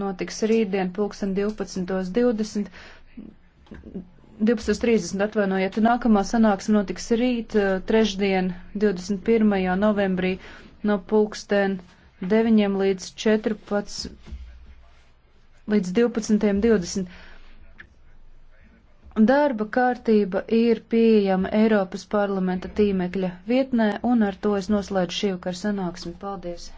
notiks rītdien pulksten 12.20. 12.30 atvainojiet, nākamā sanāksme notiks rīt, eh, trešdien, 21. novembrī, no pulksten 9 līdz 14. līdz 12.20. Darba kārtība ir pieejama Eiropas parlamenta tīmekļa vietnē, un ar to es noslēdzu šī vakar sanāksmi. Paldies!